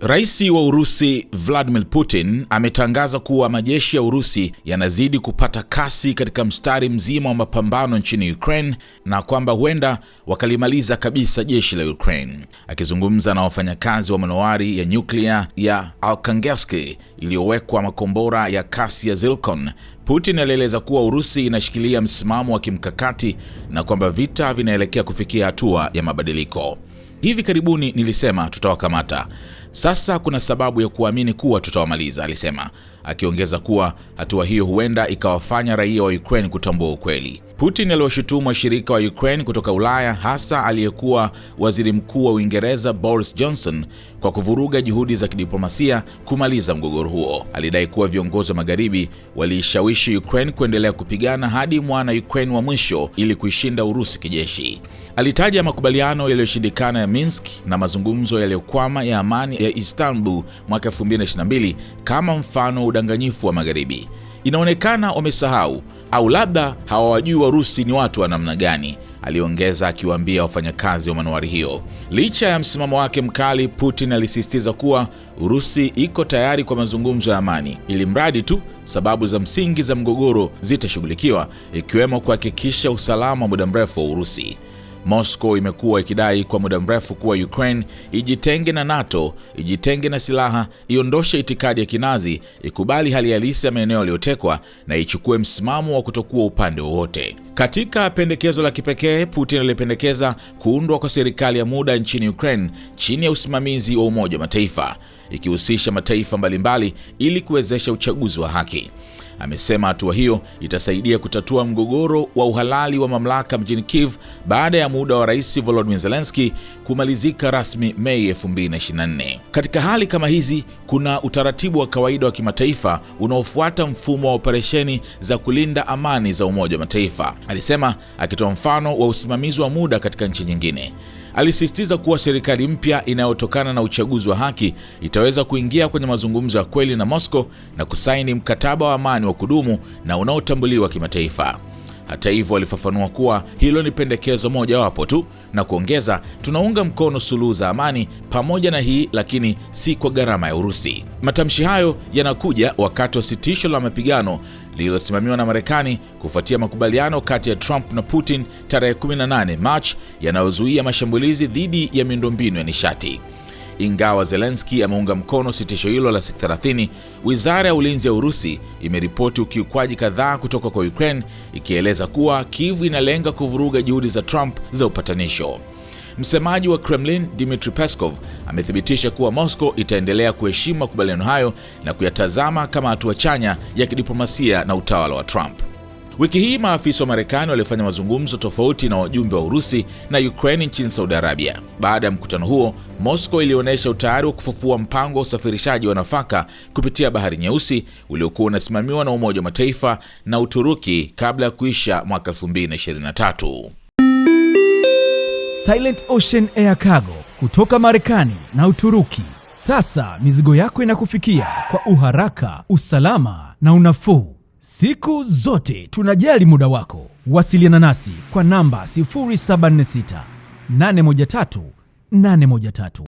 Rais wa Urusi Vladimir Putin ametangaza kuwa majeshi ya Urusi yanazidi kupata kasi katika mstari mzima wa mapambano nchini Ukraine na kwamba huenda wakalimaliza kabisa jeshi la Ukraine. Akizungumza na wafanyakazi wa manowari ya nyuklia ya Arkhangelsk iliyowekwa makombora ya kasi ya Zircon, Putin alieleza kuwa Urusi inashikilia msimamo wa kimkakati na kwamba vita vinaelekea kufikia hatua ya mabadiliko. Hivi karibuni nilisema tutawakamata, sasa kuna sababu ya kuamini kuwa tutawamaliza, alisema, akiongeza kuwa hatua hiyo huenda ikawafanya raia wa Ukraine kutambua ukweli. Putin aliwashutumu washirika wa Ukraine kutoka Ulaya, hasa aliyekuwa waziri mkuu wa Uingereza Boris Johnson kwa kuvuruga juhudi za kidiplomasia kumaliza mgogoro huo. Alidai kuwa viongozi wa magharibi waliishawishi Ukraine kuendelea kupigana hadi mwana Ukraine wa mwisho ili kuishinda Urusi kijeshi. Alitaja makubaliano yaliyoshindikana ya Minsk na mazungumzo yaliyokwama ya amani ya Istanbul mwaka 2022 kama mfano wa udanganyifu wa magharibi. Inaonekana wamesahau au labda hawawajui Warusi ni watu wa namna gani, aliongeza akiwaambia wafanyakazi wa manuari hiyo. Licha ya msimamo wake mkali, Putin alisisitiza kuwa Urusi iko tayari kwa mazungumzo ya amani, ili mradi tu sababu za msingi za mgogoro zitashughulikiwa, ikiwemo kuhakikisha usalama wa muda mrefu wa Urusi. Moscow imekuwa ikidai kwa muda mrefu kuwa Ukraine ijitenge na NATO, ijitenge na silaha, iondoshe itikadi ya kinazi, ikubali hali halisi ya maeneo yaliyotekwa na ichukue msimamo wa kutokuwa upande wowote. Katika pendekezo la kipekee, Putin alipendekeza kuundwa kwa serikali ya muda nchini Ukraine chini ya usimamizi wa Umoja wa Mataifa, ikihusisha mataifa mbalimbali ili kuwezesha uchaguzi wa haki amesema hatua hiyo itasaidia kutatua mgogoro wa uhalali wa mamlaka mjini Kiev baada ya muda wa Rais Volodymyr Zelensky kumalizika rasmi Mei 2024. Katika hali kama hizi, kuna utaratibu wa kawaida wa kimataifa unaofuata mfumo wa operesheni za kulinda amani za Umoja wa Mataifa, alisema akitoa mfano wa usimamizi wa muda katika nchi nyingine. Alisisitiza kuwa serikali mpya inayotokana na uchaguzi wa haki itaweza kuingia kwenye mazungumzo ya kweli na Moscow na kusaini mkataba wa amani wa kudumu na unaotambuliwa kimataifa. Hata hivyo, alifafanua kuwa hilo ni pendekezo mojawapo tu na kuongeza, tunaunga mkono suluhu za amani pamoja na hii, lakini si kwa gharama ya Urusi. Matamshi hayo yanakuja wakati wa sitisho la mapigano lililosimamiwa na Marekani kufuatia makubaliano kati ya Trump na Putin tarehe 18 Machi yanayozuia mashambulizi dhidi ya miundombinu ya nishati. Ingawa Zelensky ameunga mkono sitisho hilo la siku 30, wizara ya ulinzi ya Urusi imeripoti ukiukwaji kadhaa kutoka kwa Ukraine, ikieleza kuwa kivu inalenga kuvuruga juhudi za Trump za upatanisho. Msemaji wa Kremlin Dmitry Peskov amethibitisha kuwa Moscow itaendelea kuheshimu makubaliano hayo na kuyatazama kama hatua chanya ya kidiplomasia na utawala wa Trump. Wiki hii maafisa wa Marekani walifanya mazungumzo tofauti na wajumbe wa Urusi na Ukraine nchini Saudi Arabia. Baada ya mkutano huo, Moscow ilionyesha utayari wa kufufua mpango wa usafirishaji wa nafaka kupitia Bahari Nyeusi uliokuwa unasimamiwa na Umoja wa Mataifa na Uturuki kabla ya kuisha mwaka 2023. Silent Ocean Air Cargo kutoka Marekani na Uturuki. Sasa mizigo yako inakufikia kwa uharaka, usalama na unafuu. Siku zote tunajali muda wako. Wasiliana nasi kwa namba 0746 813 813.